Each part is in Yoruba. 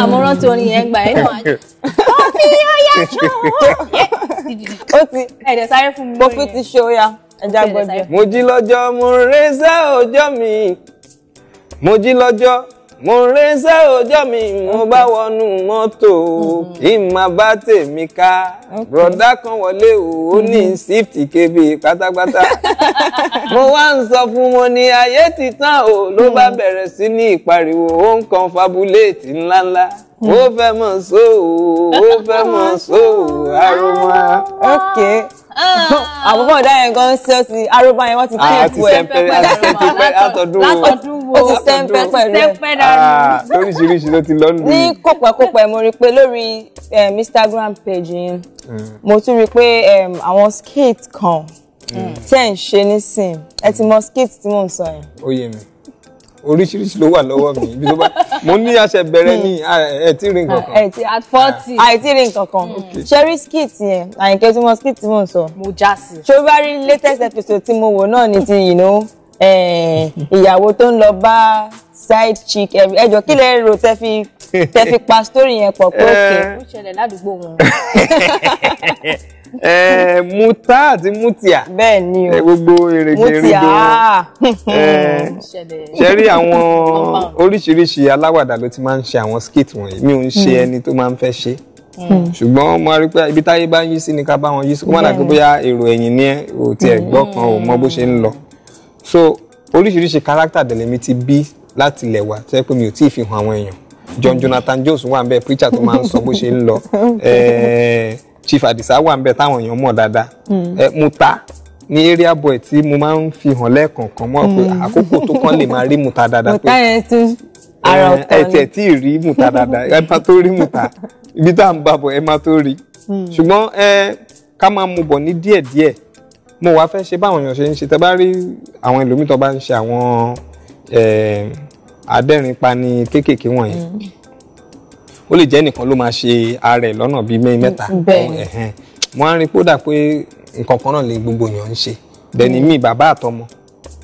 àmọ́ ah, rántí orin yẹn gbà ẹ́ náà. ó fi ọyà ṣó. ó ti ẹ̀dẹ̀ sáré fún mi. mo fi ti ṣe ọyà ẹja gbọdọ. mo jí lọ́jọ́ mo rẹ́sà ọjọ́ mi mo jí lọ́jọ́ mo ránṣẹ́ ọjọ́ mi mo bá wọnú mọ́tò mm-hmm. kí n máa bá tèmi ká kan wọlé o ó ní k.b mm-hmm. kébì pátápátá mo wá ń sọ fún mo ní ayé ti tán o ló bá mm-hmm. bẹ̀rẹ̀ sí ní ìpariwo ó ń kan fabuléètì ńláńlá. ó fẹ́ mọ̀ só ó fẹ́ mọ̀ só aroma. ok ah. àwọn bọ̀dá yẹn gan ṣe sí aroma yẹn wọ́n ti kí èkó ẹ̀ látọ̀dún wo ó ti sẹ́ńpẹ́ pẹ̀lú ẹ̀ lóríṣiríṣi ló ti lọ́nu. ní kópẹ́kópẹ́ mo rí i pé lórí eh, Instagram page yẹn mm. mo tún rí i pé àwọn skit kan mm. tẹ̀ ń ṣe nísìn ẹ ti mọ skit tí mò ń sọ yẹn. ó yé mi oríṣiríṣi ló wà lọ́wọ́ mi ibi tó bá mo ní àṣẹ bẹ̀rẹ̀ ní ẹ tí rí nǹkan kan. ẹ ti at forty. àì tí rí nǹkan kan Sherry, skit yẹn àyìnkẹ́ tí mo skit mò ń sọ. mo já sí. ṣé o rí latest episode tí mo wò náà ni ti you know ìyàwó tó ń lọ bá side chick ẹjọ kí lẹ rò tẹ fi tẹ fi pa story yẹn pọ̀ pé ó ṣẹlẹ̀ ládùúgbò wọn. muta àti mutia bẹ́ẹ̀ ni o gbogbo èrègbè èrègbè wọn ah. ṣe rí àwọn oríṣiríṣi aláwàdà ló ti máa ń ṣe àwọn skit wọ̀nyí mi ò ń ṣe hmm. ẹni tó máa ń fẹ́ ṣe hmm. ṣùgbọ́n mo rí pé ibi táyé bá yí sí ni ká bá wọn yí sí kó má dàgbé bóyá èrò ẹ̀yìn ni ẹ ò tiẹ̀ gbọ́ kan ò mọ bó ṣe ń lọ so oríṣiríṣi kárátà dẹ̀lẹ̀ mi ti bí láti ilẹ̀ wa tó pé mi ò tí ì fi hàn àwọn èèyàn John Jonathan Jones wà ń bẹ preacher tó máa ń sọ bó ṣe ń lọ Chief Adisa wà ń bẹ táwọn èèyàn mọ̀ dáadáa hmm. ẹ Muta ní area boy tí mo máa ń fi hàn lẹ́ẹ̀kọ̀ọ̀kan mọ̀ pé hmm. àkókò tó kàn lè máa rí Muta dáadáa pé ara ọ̀tọ̀ ni ẹ tiẹ̀ tí ì rí Muta dáadáa ẹ máa tó rí Muta ibi tá à ń bá bọ̀ ẹ máa tó rí hmm. ṣùgbọ́n ẹ ká máa mú bọ̀ ní díẹ̀díẹ̀ mo wá fẹ́ ṣe báwọn èèyàn ṣe ń ṣe tẹ bá rí àwọn ẹlòmíì tó bá ń ṣe àwọn adẹ́rìnpani kéékèèké wọ̀nyẹn ó lè jẹ́ nìkan ló máa ṣe ara ẹ̀ lọ́nà bíi mẹ́rin mẹ́ta wọ́n á rí kódà pé nǹkan kan náà lè gbogbo èèyàn ń ṣe bẹ́ẹ̀ni mi bàbá àtọmọ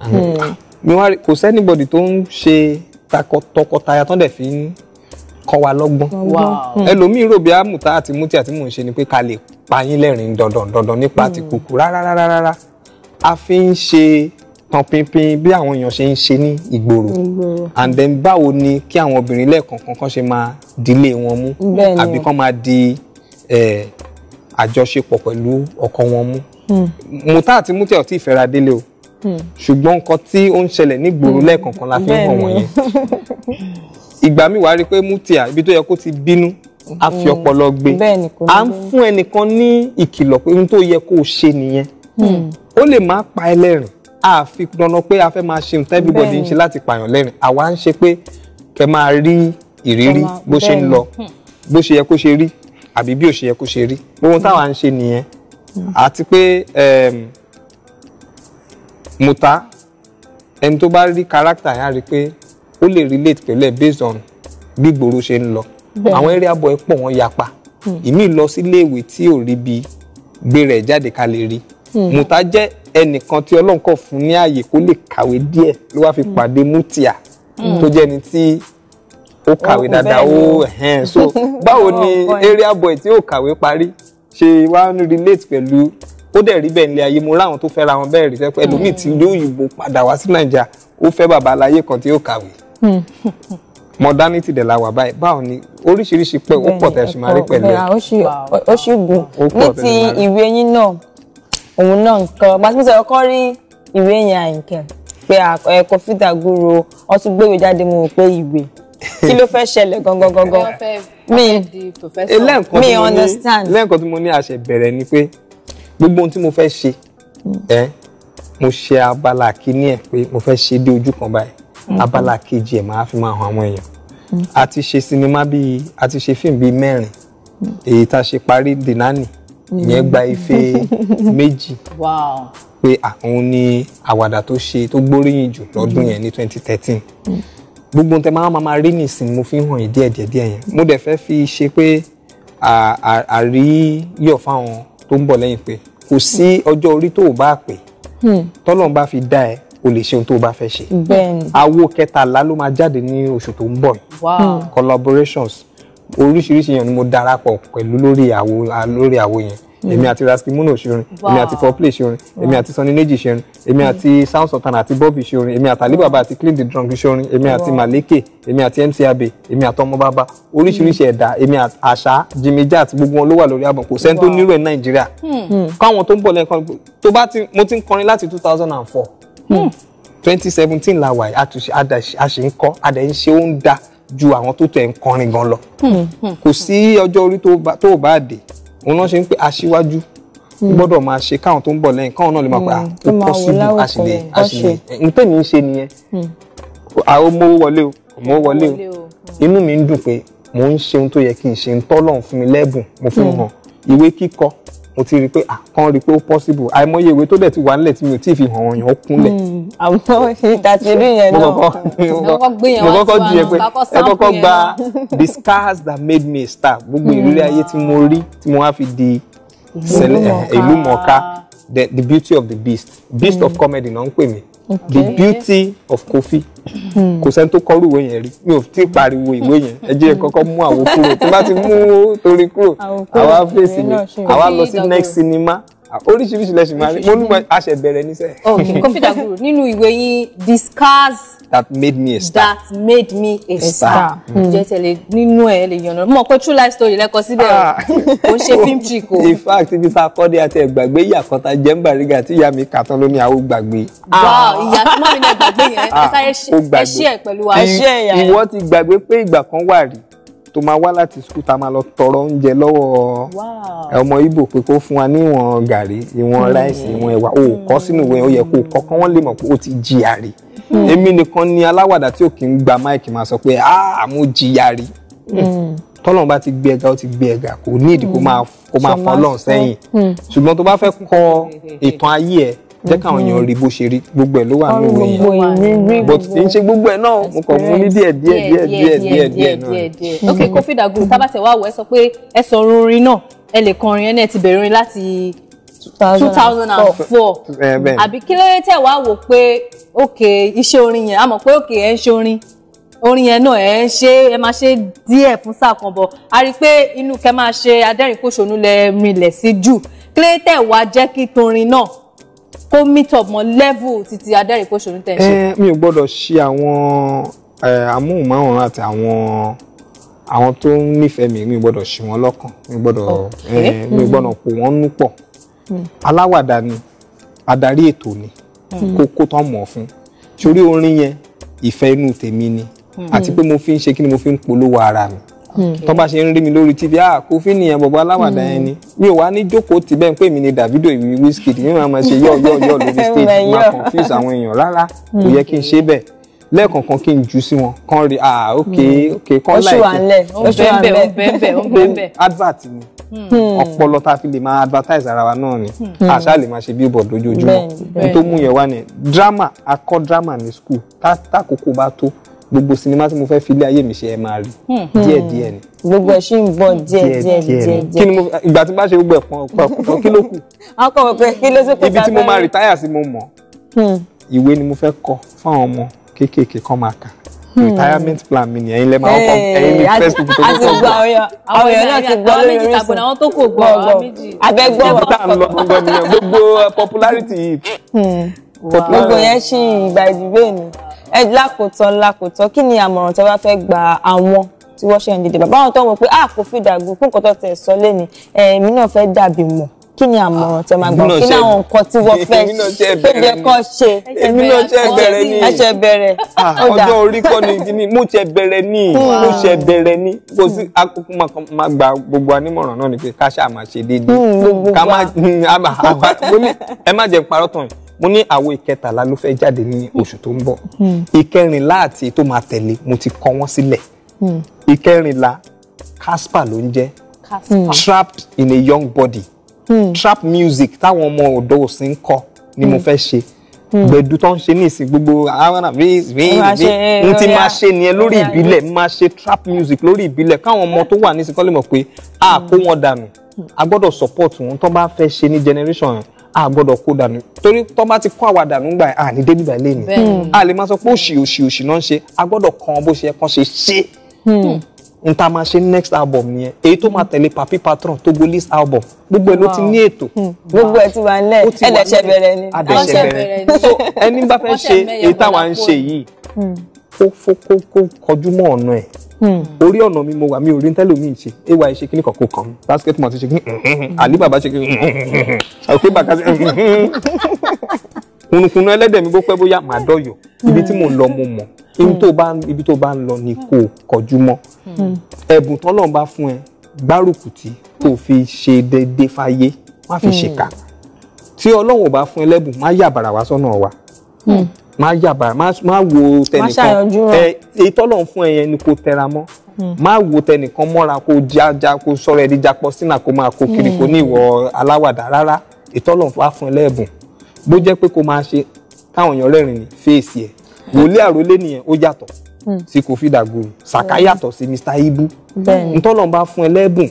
hmm. ah, kò sẹ́nibọ̀dì tó ń ṣe tọkọtaya tán dẹ̀ fi ń kọ́ wa lọ́gbọ́n hmm. ẹlòmíì rò bí àmùtá àti mútí àti mò ń ṣe ni pé ká lè pa yín lẹ́rìn dandan dandan nípa ti hmm. kúkú rárá rárá rárá a fi ń ṣe tọpinpin bí àwọn èèyàn ṣe ń ṣe ní ìgboro and then báwo ni kí àwọn obìnrin lẹ́ẹ̀kọ̀ọ̀kan kan ṣe máa dílé wọn mú àbí kán máa di àjọṣepọ̀ pẹ̀lú ọkọ wọn mú mùtá hmm. àti mútẹ́ ò tí ì fẹ́ra délé o hmm. ṣùgbọ́n nǹkan tí ó ń ṣẹlẹ̀ nígboro hmm. lẹ́ẹ̀kọ̀ọ̀kan la fi ń hàn wọ̀nyẹn ìgbà mi wàá rí i pé mútìá ibi tó yẹ kó ti bínú a fi ọpọlọ gbé à ń fún ẹnìkan ní ìkìlọ̀ pé ohun tó yẹ kó o ṣe nìyẹn ó lè má pa ẹlẹ́rìn a fi dandan pé a fẹ́ máa ṣe nǹkan everybody ń ṣe láti pààyàn lẹ́rìn àwa ń ṣe pé kẹ́ máa rí ìrírí bó ṣe ń lọ bó ṣe yẹ kó ṣe rí àbí bí ò ṣe yẹ kó ṣe rí gbogbo hmm. táwa ń ṣe nìyẹn hmm. àti pé mùtá ehm, ẹni tó bá rí character yẹn á rí i pé ó lè relate pẹ̀lú ẹ̀ based on bí gbòòrò ṣe ń lọ àwọn eré abọ́ ẹ pọ̀ wọ́n yapa hmm. ìmí lọ síléèwé tí ò rí bi gbé rẹ̀ jáde ká lè rí mùtá jẹ́ ẹnìkan tí ọlọ́run kọ̀ fún ní ààyè kó lè kàwé díẹ̀ ló wá fi hmm. pàdé Mutia hmm. tó jẹ́ ẹni tí ó kàwé dáadáa ó ẹ̀hẹ́n so báwo ni oh, area boy tí ó kàwé parí ṣe wá ń relate pẹ̀lú ó dẹ̀ rí bẹ́ẹ̀ nílé ayé mo ráwọn tó fẹ́ ra wọn bẹ́ẹ̀ rí sẹ́pẹ́ ẹlòmíì tí ilé òyìnbó padà wá sí nàìjíríà ó fẹ́ bàbá aláyé kan tí ó kàwé hmm. modernity dẹ̀ la wà báyìí báwo ni oríṣiríṣi pẹ́ ó pọ̀ tẹ̀ pẹ̀lú ẹ̀. ó ṣì gùn ní ti ìwé yín náà òun náà nǹkan gbàtúmọ̀sẹ̀ ọkọ rí ìwé yẹn àyìnkẹ́ pé ẹ̀kọ́ fìdá gúro wọ́n tún gbé ìwé jáde mo rò pé ìwé kí ló fẹ́ ṣẹlẹ̀ gangan gangan mi eh, mi understand. lẹ́ẹ̀kan tí mo ní àṣẹ bẹ̀rẹ̀ ni pé gbogbo ohun tí mo fẹ́ ṣe hmm. ẹ mo ṣe abala kìíní ẹ̀ pé mo fẹ́ ṣe dé ojú kan báyìí hmm. abala kejì ẹ̀ máa fi máa hàn àwọn èèyàn hmm. a ti ṣe sinimá bíi a ti ṣe fíìmù bíi mẹ́rin èyí tá a ṣe parí dènánì ìyẹn gba ife méjì pé àwọn ni àwàdà tó ṣe tó gbóríyìn jù lọ́dún yẹn ní twenty thirteen gbogbo tẹ máa máa rí nìsín mo fi hàn yín díẹ̀ díẹ̀ díẹ̀ yẹn mo dẹ̀ fẹ́ fi ṣe pé àríyọ̀ fáwọn tó ń bọ̀ lẹ́yìn pé kò sí ọjọ́ orí tó o bá pè hmm. tọ́lọ́run bá fi dá ẹ o lè ṣe ohun tó o bá fẹ́ ṣe. awo kẹtàlá ló máa jáde ní oṣù tó ń bọ̀ collaborations oríṣiríṣi èèyàn ni mo darapọ̀ pẹ̀lú lórí àwo lórí àwo yẹn hmm. èmi àti raskimono ṣorin èmi àti fourplay ṣorin èmi àti Sunny Neji ṣorin èmi hmm. àti sound sultan àti bobby ṣorin èmi àti alibaba àti clean the drunk ṣorin èmi àti maleke èmi àti mc abe èmi àti ọmọ bàbá oríṣiríṣi hmm. ẹ̀dá èmi àti àṣà jimmy jat gbogbo wọn ló wà lórí àbọ̀ kò sẹ́ni tó nírò ẹ̀ nàìjíríà káwọn tó ń bọ̀ lẹ́ẹ̀kan tó bá ti mo ti ń kọrin láti two thousand and four twenty seventeen la wà á ṣe ń kọ́ adẹ̀ ń ṣe ó ń da ju àwọn tó tẹ̀ ń kọrin gan lọ hmm, hmm, kò hmm. sí ọjọ́ orí tó o bá dé òun náà ṣe ń pè aṣíwájú gbọ́dọ̀ máa ṣe káwọn tó ń bọ̀ lẹ́yìn káwọn náà lè máa pa ah, ó pọ́sibú àṣìlè àṣìlè nǹkan mi ń ṣe nìyẹn àwọn ọmọ owó wọlé o ọmọ owó wọlé o inú mi ń dùn pé mò ń ṣe ohun tó yẹ kí n ṣe ń tọ́lọ́run fún mi lẹ́bùn mo fi hàn ìwé kíkọ mo ti rí i pé àkàn rí i pé ó possible àìmọye ìwé tó dẹ̀ ti wà nílẹ̀ tí mi ò tí ì fi hàn yàn kúnlẹ̀. Hmm, àmọ́ ìdàtìrí yẹn náà mo kọ́kọ́ di ẹ pé ẹ kọ́kọ́ gba the scars that made me a star gbogbo ìrírí hmm. ayé tí mo rí tí mo wá fi di ìlú mọ̀ọ́ká the beauty of the beast beast of hmm. comedy náà ń pè mí the beauty of coffee kò sẹ́ni tó kọ́rù ìwé yẹn rí mi ò tí ì pariwo ìwé yẹn ẹ jẹ́ kọ́kọ́ mú àwo kúrò tí bá ti mú torí kúrò àwa fèsì mi àwa lọ sí next cinema oríṣiríṣi lẹ́sìn máa rí mo ní a ṣe bẹ̀rẹ̀ níṣẹ́. ọ̀gbìn oh, kọ́fídà guru nínú ìwé yín the scars that made me a star that made me a star jẹ́ tẹ̀lé nínú ẹ̀ lè yànnà mọ̀ pé true life story lẹ́kọ̀ọ́ síbẹ̀ o ah. ṣe film trick o. in fact ibi tá a kọ́ dé àti ẹ̀gbàgbé ìyá kan tá a jẹ́ ń bàrígà tí ìyá mi kà tán ló ní àwọn gbàgbé. wow ìyá tí mọ́mí náà gbàgbé yẹn ah. ẹ ṣí ẹ pẹ̀lú wa. ìwọ ti gbàgbé pé ìgbà kan wà rí tó máa wá láti skul tá a máa lọ tọrọ oúnjẹ lọ́wọ́ ọmọ Ìgbò pé kó fún wa ní ìwọ̀n gàrí ìwọ̀n hmm. ráìsì ìwọ̀n ẹ̀wà o kọ́ sínú ìwé ó yẹ kó kọ́ kán wọ́n lè mọ̀ pé ó ti jìyà rí hmm. èmi nìkan ni aláwàdà tí ò kì í gba máìkì máa sọ pé ah mo jìyà rí hmm. tọ́lọ́run bá ti gbé ẹ̀gà ó ti gbé ẹ̀gà kò ní ìdí kó máa fọ́ lọ́hùn sẹ́yìn ṣùgbọ́n tó bá fẹ́ kọ ìtàn ayé ẹ̀ jẹ́ káwọn èèyàn rí bó ṣe rí gbogbo ẹ̀ ló wà nínú ìròyìn but kì í ṣe gbogbo ẹ̀ náà mo kàn fún ní díẹ̀ díẹ̀ díẹ̀ díẹ̀ díẹ̀ díẹ̀ náà. ok Kofi Dagoru tábàtẹ̀ wá wọ̀ ẹ́ sọ pé ẹ sọ orin orin náà ẹ lè kọrin ẹ náà ti bẹ̀rẹ̀ orin láti two thousand and four eh, àbí kí ló tẹ̀ wá wò pé ok iṣẹ́ orin yẹn a mọ̀ pé ok ẹ ń ṣe orin orin yẹn náà ẹ ń ṣe ẹ máa ṣe díẹ̀ fún sáà kan bọ̀ a rí i pé inú kẹ máa ṣe adẹ́rìnpòṣónú lẹ sí jù kí ló tẹ̀ wá jẹ́ kí torin náà kó meet up mọ́ level títí Adẹ́rìnpòṣónú tẹ̀ ṣe. ẹ eh, mi ò gbọ́dọ̀ ṣe àwọn eh, amóhùnmáwòrán àti àwọn àwọn tó ń nífẹ̀ẹ́ mi mi gbọ́dọ̀ ṣì wọ́n lọ́kàn mi gbọ́dọ̀ eh, mi gbọ́dọ̀ pò wọ́n nú pọ̀ hmm. aláwàdà ni adarí ètò ni kókó hmm. tán mọ̀ fún sórí orin yẹn ìfẹ́ inú tèmi ni hmm. àti pé mo fi ń ṣe kí ni mo fi ń polówó ara mi Mm. tó bá ṣe ń rí mi lórí tv ah kò fi nìyẹn bọ̀bọ̀ aláwàdà yẹn ni mi ò wá ní jókòó tì bẹ́ẹ̀ pé mi ni Davido ìwé Wizkid mi máa ma ṣe yọ̀ yọ̀ yọ̀ lórí stage máa confuse àwọn èèyàn rárá mm. kò yẹ kí n ṣe bẹ́ẹ̀ lẹ́ẹ̀kọ̀ọ̀kan kí n jù sí wọn kán rí ah ok mm. ok kán láìpẹ́ oṣù àlẹ́ oṣù àlẹ́ bẹ́ẹ̀ bẹ́ẹ̀ bẹ́ẹ̀ advert ni ọpọlọ tá a fi lè máa advertise ara wa náà ni àṣà lè máa ṣe billboard lójoojúmọ́ n tó mú yẹn wá ni drama akọ́ drama ní school tákòókò bá tó gbogbo sinimá tí mo fẹ́ fi ilé ayé mi ṣe ẹ máa rí hmm. díẹ̀ díẹ̀ ni. gbogbo ẹ ṣì ń bọ̀ díẹ̀ díẹ̀ díẹ̀ díẹ̀. kí ni mo ìgbà tí bá ṣe gbogbo ẹ̀pọ̀n ọ̀pọ̀ kí ló kù. ọkọ mi pé kí ló sì kù sábẹ́. ibi tí mo máa rìtáyà sí mo mọ̀ hmm. ìwé ni mo fẹ́ kọ fáwọn ọmọ kéékèèké kan máa kà hmm. retirement plan mi ni ẹ̀yin lẹ máa kọ ẹ̀yin ni first people tó kọ́kọ́ gbọ́ àwọn èèyàn náà ti gbọ́ lórí Orísun àwọn tó kò gbọ́ abẹ́gbọ́ ọ̀rọ̀ tá à ń lọ gbogbo popularity yìí. gbogbo yẹn ṣì ìgbà ìdìbò ni ẹ lákòótán lákòótán kí ni àmọ̀ràn tí wọ́n fẹ́ gba àwọn tí wọ́n ṣe ń dìde bàbá àwọn tó ń pé a ah, kò fi dàgbù fún nǹkan tó tẹ̀ sọ lẹ́ni èmi náà fẹ́ dàbí mọ̀ kí ni àmọ̀ràn tẹ máa gbà kí ni àwọn nǹkan tí wọ́n fẹ́ tó yẹ kó ṣe èmi náà ṣe bẹ̀rẹ̀ ni ẹṣẹ bẹ̀rẹ̀ ah, ọjọ́ orí kọ́ ni kíní mo ṣe bẹ̀rẹ̀ ni hmm. mo ṣe bẹ̀rẹ̀ ni kò sí akókó máa gba gbogbo anímọ̀ràn náà ni pé ká ṣáà máa ṣe déédéé hmm, ká má ẹ má jẹ́ parọ́ tán yìí mo ní àwo ìkẹtàlá ló fẹ́ jáde ní hmm. oṣù tó ń bọ̀ hmm. ìkẹrìnlá àti tó máa tẹ̀lé mo ti kọ wọ́n sílẹ̀ hmm. ìkẹrìnlá casper ló ń jẹ́ trapped in a young body trap music táwọn ọmọ ọ̀dọ́ òsì ń kọ ni mo fẹ́ ṣe gbẹ̀du tó ń ṣe ní ìsìn gbogbo arana rí rí rí n ti máa ṣe nìyẹn lórí ìbílẹ̀ máa ṣe trap music lórí ìbílẹ̀ káwọn ọmọ tó wà ní ìsìn kọ́lé mọ̀ pé a kó wọn dànù a gbọ́dọ̀ support wọn tó bá fẹ́ ṣe ní generation a gbọ́dọ̀ kó dànù torí tó bá ti kó àwa dànù gbà à ní débi bá ilé ni a lè máa sọ pé òṣì òṣì òṣì náà ń ṣe a gbọ́dọ̀ kan bó ṣe yẹ kan ṣe ṣe hmm. n ta máa ṣe next album nìyẹn èyí tó máa tẹ̀lé papi patron tó gbó list album gbogbo ẹ ló ti ní ètò. Hmm. gbogbo ẹ ti wà nílẹ̀ ẹlẹ́ṣẹ̀ bẹ̀rẹ̀ ni ẹlẹ́ṣẹ̀ bẹ̀rẹ̀ ni so ẹni bá fẹ́ ṣe èyí táwa ń ṣe yìí hmm kó kọjú mọ́ ọ̀nà ẹ̀ hmm. orí ọ̀nà mi mo wà mi ò rí ntẹ́lómìn ṣe ay ṣe kíní kọ̀ọ̀kan kan basket mọ̀ ti ṣe kíní hmm, hmm, alibaba ṣe kíní ọ̀kẹ́ bàkà ṣe kùnùkùnù ẹlẹ́dẹ̀ mi bó pẹ́ bóyá màá dọ̀yọ̀ ibi tí mò ń lọ mo mọ̀ ibi tó bá ń lọ ni kò kọjú mọ́ ẹ̀bùn tọ́lọ́run bá fún ẹ gbárùkù tí kò fi ṣe déédé fáyé má fi ṣèkà tí ọlọ́run ò bá fún ẹ lẹ́bùn má yàbàrà wá sọ́nà wa má yàbá má wo tẹnìkan ẹ fún ẹyẹ ni kò tẹra mọ́ hmm. má wo tẹnìkan mọ́ra kó jájá kó sọ̀rọ̀ ẹni jápọ̀ sínà kó máa kó kiri kó hmm. ní ìwọ aláwàdà rárá ìtọ́lọ̀ wá fún ẹ lẹ́ẹ̀bùn bó jẹ́ pé kó máa ṣe táwọn èèyàn rẹ́rìn ní fèèsì ẹ̀ wòlé àrólé nìyẹn ó yàtọ̀ hmm. sí Kofi Dagoru Sàká yàtọ̀ sí Mr Ibu ìtọ́lọ̀ bá fún ẹ lẹ́ẹ̀bùn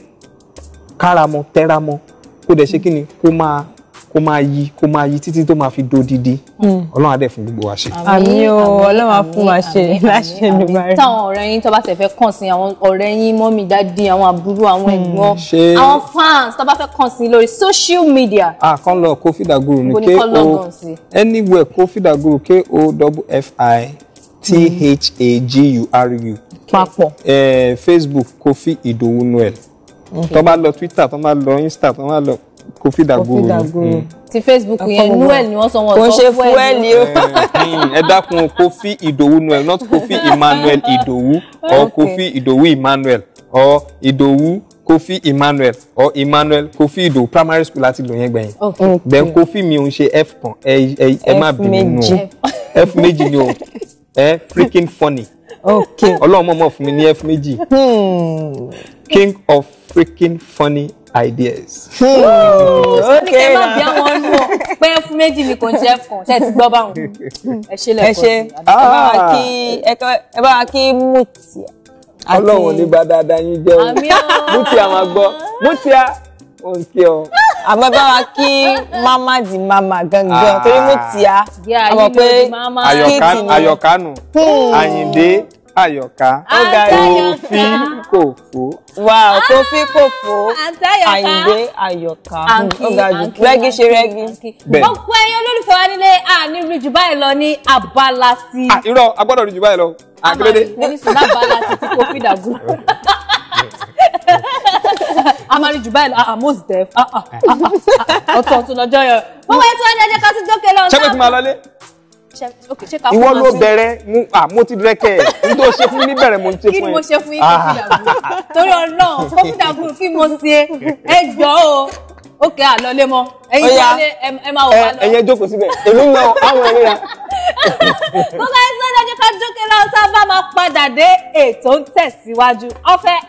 káramọ́ tẹramọ́ kó dẹ̀ ṣe kí ni kó máa kó máa yí kó máa yí títí tó máa fi dó dídí hmm. ọlọ́run á dẹ̀ fún gbogbo wa ṣe. àmín o ọlọ́run á fún wa ṣe láṣẹ Olùbárè. táwọn ọ̀rẹ́ yín tó bá tẹ̀ fẹ́ kàn sí àwọn ọ̀rẹ́ yín mọ́mí dádì àwọn àbúrò àwọn hmm. ẹ̀gbọ́n àwọn fans tó bá fẹ́ kàn sí lórí social media. a ah, kan lọ Koffi Daguru ni ko anywhere Koffi Daguru k o f i t h a g u r u. papọ̀. Facebook Kofi Idowu Noel tó bá lọ Twitter tó bá lọ Insta tó bá lọ Kofi Dagoro. Kofi mm. ti Facebook yẹn Noel ni wọ́n sọ wọ́n sọ fún ẹ̀. kò ṣe fúẹ́lì o. Eh, mm, ẹ dákun Kofi Idowu Noel not Kofi Emmanuel Idowu or Kofi Idowu Emmanuel or Idowu Kofi Emmanuel or Emmanuel Kofi Idowu primary school láti lò yẹn gbẹ̀yìn. then Kofi mi ò ń ṣe F kan ẹ má bínú o F méjì ni o ẹ freaking funny okay ọlọ́run mọ̀mọ́ fún mi ní f méjì hmm. king of freaking funny ideas. Hmm. ó ní kẹ́ má bí àwọn nù ọ pé fún méjì ni kò ń jẹ́ fún ṣe ti gbọ́ báwọn ẹ ṣe lẹ́kọ̀ọ́ ẹ ṣe ẹ bá wa ah. kí mùtì. ọlọ́run ní bá dáadáa yín jẹ́ o mùtì àwọn gbọ́ mùtì à ó ń kí ọ. àmọ́ bá wa kí mama di mama gangan torí mùtì à àwọn pé kí tì ní. ayọ̀kánu ayọ̀kánu hmm. ayíǹde àyọ̀ká òfin kò fò wà òfin kò fò àyìndé àyọ̀ká ó ga jù rẹ́gí ṣe rẹ́gí. gbogbo ẹyẹ olólùfẹ́ wa nílé àní rí jù báyìí lọ ní abala ti. Ah, irọ́ a gbọ́dọ̀ rí jù báyìí lọ àgbélé. àmọ́ ìgbésùn lábala ti ti kò fi dàgbù a máa rí jù báyìí lọ àmọ́ ọ̀sẹ̀ ọ̀tọ̀ ọ̀tún lọ́jọ́ yẹn. wọ́n wáyé tí wọ́n ní ẹjẹ́ ká tún dókè lọ. ṣé pé kí n máa lọlé ìwọ ló bẹ̀rẹ̀ mo ti rẹkẹ n tó ṣe fún mi bẹ̀rẹ̀ mo ń ṣe fún ẹ. kí ni mo ṣe fún yín kófídà gúrú torí Ọlọ́run kófídà gúrú kí mo ṣe ẹ jọ o ókè àlọlé mọ ẹ̀yin wọlé ẹ máa wọ wá lọ. ẹyẹ jókòó síbẹ̀ èmi ń lọ àwọn ẹ̀rí ra. kókó ẹ sọ́dọ̀ jẹ́ ká jókè lọ́wọ́ tá a bá máa padà dé ètò ń tẹ̀síwájú ọ̀fẹ́.